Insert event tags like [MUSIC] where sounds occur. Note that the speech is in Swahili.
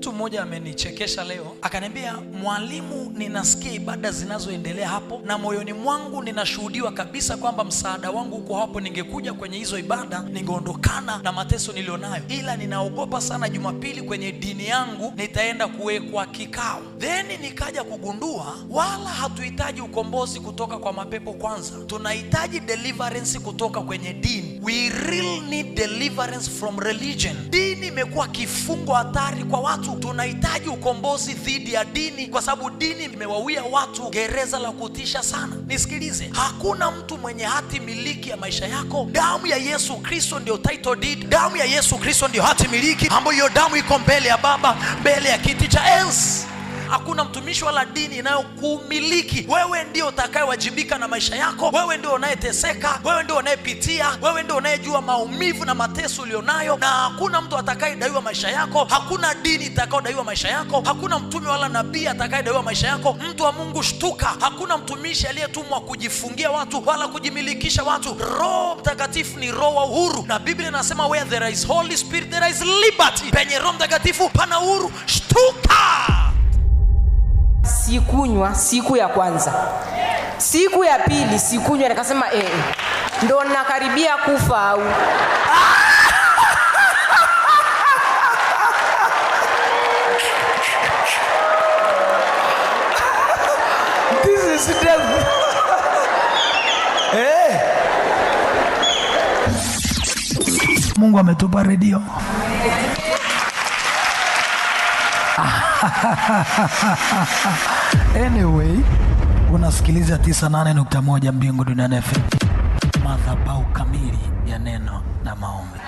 Mtu mmoja amenichekesha leo, akaniambia mwalimu, ninasikia ibada zinazoendelea hapo, na moyoni mwangu ninashuhudiwa kabisa kwamba msaada wangu uko hapo. Ningekuja kwenye hizo ibada ningeondokana na mateso nilionayo, ila ninaogopa sana Jumapili kwenye dini yangu nitaenda kuwekwa kikao. Theni nikaja kugundua wala hatuhitaji ukombozi kutoka kwa mapepo kwanza, tunahitaji deliverance kutoka kwenye dini. We really need deliverance from religion. Dini imekuwa kifungo hatari kwa watu watu. Tunahitaji ukombozi dhidi ya dini, kwa sababu dini imewawia watu gereza la kutisha sana. Nisikilize, hakuna mtu mwenye hati miliki ya maisha yako. Damu ya Yesu Kristo ndio title deed. Damu ya Yesu Kristo ndio hati miliki, ambayo hiyo damu iko mbele ya Baba, mbele ya kiti cha enzi hakuna mtumishi wala dini inayokumiliki wewe. Ndio utakayewajibika na maisha yako, wewe ndio unayeteseka, wewe ndio unayepitia, wewe ndio unayejua maumivu na mateso ulionayo, na hakuna mtu atakayedaiwa maisha yako, hakuna dini itakayodaiwa maisha yako, hakuna mtume wala nabii atakayedaiwa maisha yako. Mtu wa Mungu, shtuka! Hakuna mtumishi aliyetumwa kujifungia watu wala kujimilikisha watu. Roho Mtakatifu ni roho wa uhuru, na Biblia inasema where there is Holy Spirit there is liberty. Penye Roho Mtakatifu pana uhuru. Shtuka! sikunywa siku ya kwanza, siku ya pili sikunywa, nikasema eh, eh ndo nakaribia kufa au [LAUGHS] [LAUGHS] eh. Mungu ametupa redio [LAUGHS] Anyway, unasikiliza 98.1 Mbingu Duniani FM, madhabahu kamili ya neno na maombi.